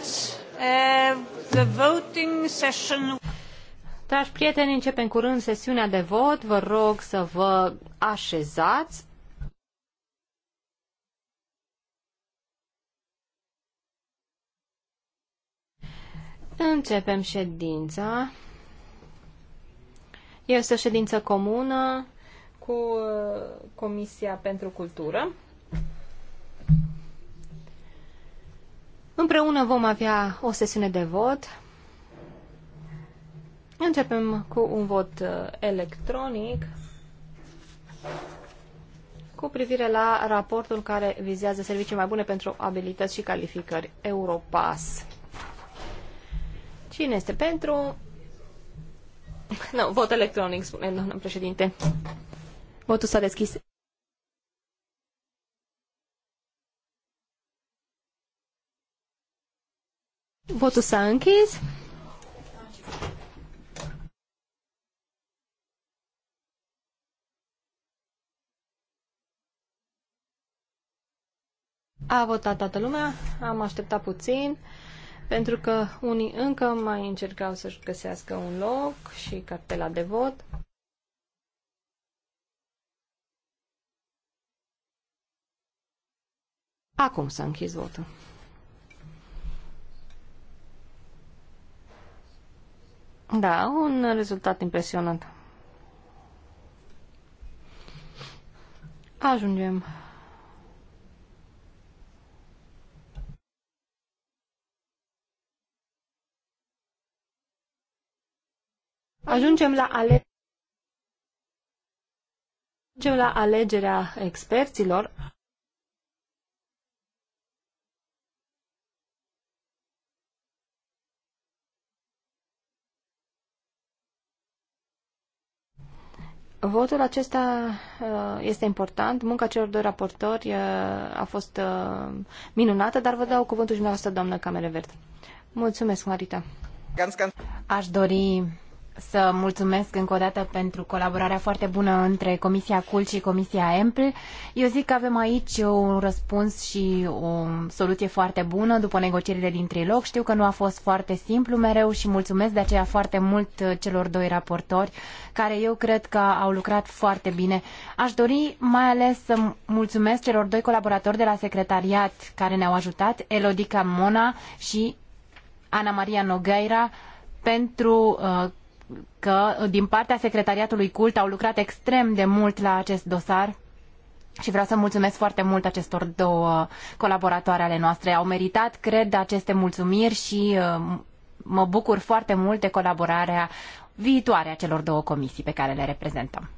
friends, uh, the voting session... Dragi prieteni, începem curând sesiunea de vot. Vă rog să vă așezați. Începem ședința. Este o ședință comună cu uh, Comisia pentru Cultură. Împreună vom avea o sesiune de vot. Începem cu un vot uh, electronic cu privire la raportul care vizează servicii mai bune pentru abilități și calificări Europass. Cine este pentru? Nu, no, vot electronic, spune doamna președinte. Votul s-a deschis. Votul s-a închis. A votat toată lumea, am așteptat puțin, pentru că unii încă mai încercau să-și găsească un loc și cartela de vot. Acum s-a închis votul. Da, un rezultat impresionant. Ajungem. Ajungem la ale... Ajungem la alegerea experților. Votul acesta uh, este important. Munca celor doi raportori uh, a fost uh, minunată, dar vă dau cuvântul și dumneavoastră, doamnă Camerevert. Mulțumesc, Marita. Aș dori să mulțumesc încă o dată pentru colaborarea foarte bună între Comisia CULT și Comisia EMPL. Eu zic că avem aici un răspuns și o soluție foarte bună după negocierile din trilog. Știu că nu a fost foarte simplu mereu și mulțumesc de aceea foarte mult celor doi raportori care eu cred că au lucrat foarte bine. Aș dori mai ales să mulțumesc celor doi colaboratori de la secretariat care ne-au ajutat, Elodica Mona și Ana Maria Nogueira, pentru uh, că din partea secretariatului cult au lucrat extrem de mult la acest dosar și vreau să mulțumesc foarte mult acestor două colaboratoare ale noastre. Au meritat, cred, aceste mulțumiri și uh, mă bucur foarte mult de colaborarea viitoare a celor două comisii pe care le reprezentăm.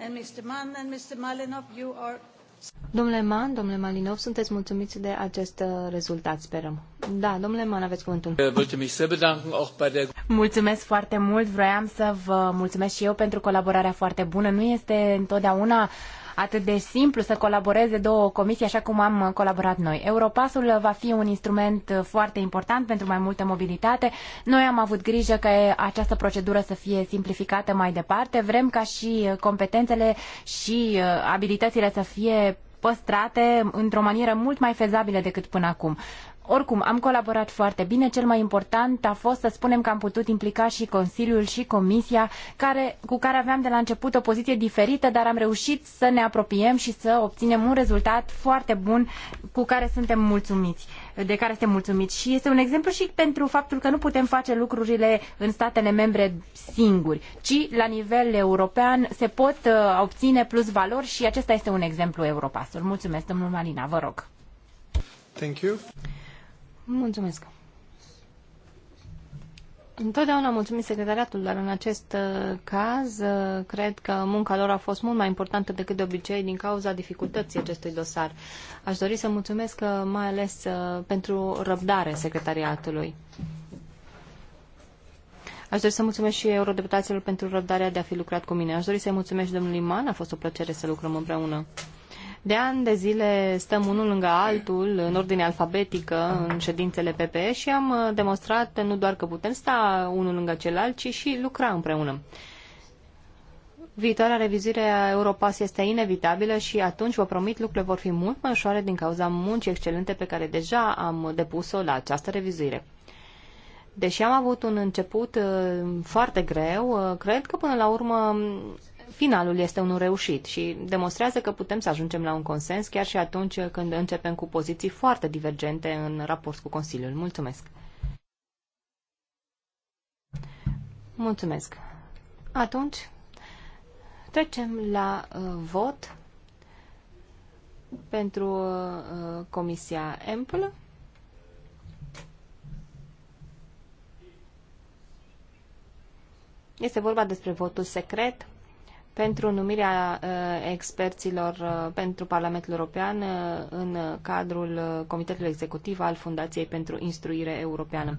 And Mr. Mann and Mr. Malinov, you are Domnule Man, domnule Malinov, sunteți mulțumiți de acest uh, rezultat, sperăm. Da, domnule Man, aveți cuvântul. Mulțumesc foarte mult, vroiam să vă mulțumesc și eu pentru colaborarea foarte bună. Nu este întotdeauna atât de simplu să colaboreze două comisii așa cum am colaborat noi. Europasul va fi un instrument foarte important pentru mai multă mobilitate. Noi am avut grijă ca această procedură să fie simplificată mai departe. Vrem ca și competențele și abilitățile să fie păstrate într-o manieră mult mai fezabilă decât până acum. Oricum, am colaborat foarte bine. Cel mai important a fost să spunem că am putut implica și Consiliul și Comisia, care, cu care aveam de la început o poziție diferită, dar am reușit să ne apropiem și să obținem un rezultat foarte bun cu care suntem mulțumiți de care suntem mulțumiți. Și este un exemplu și pentru faptul că nu putem face lucrurile în statele membre singuri, ci la nivel european se pot uh, obține plus valori și acesta este un exemplu Europasul. Mulțumesc, domnul Malina, vă rog. Thank you. Mulțumesc. Întotdeauna mulțumim secretariatul, dar în acest uh, caz uh, cred că munca lor a fost mult mai importantă decât de obicei din cauza dificultății acestui dosar. Aș dori să mulțumesc uh, mai ales pentru răbdare secretariatului. Aș dori să mulțumesc și eurodeputaților pentru răbdarea de a fi lucrat cu mine. Aș dori să-i mulțumesc și domnului Man, a fost o plăcere să lucrăm împreună. De ani de zile stăm unul lângă altul, în ordine alfabetică, în ședințele PPE și am uh, demonstrat nu doar că putem sta unul lângă celălalt, ci și lucra împreună. Viitoarea revizuire a Europas este inevitabilă și atunci, vă promit, lucrurile vor fi mult mai ușoare din cauza muncii excelente pe care deja am depus-o la această revizuire. Deși am avut un început uh, foarte greu, uh, cred că până la urmă finalul este unul reușit și demonstrează că putem să ajungem la un consens chiar și atunci când începem cu poziții foarte divergente în raport cu Consiliul. Mulțumesc! Mulțumesc! Atunci, trecem la uh, vot pentru uh, Comisia EMPL. Este vorba despre votul secret pentru numirea uh, experților uh, pentru Parlamentul European uh, în cadrul Comitetului Executiv al Fundației pentru Instruire Europeană.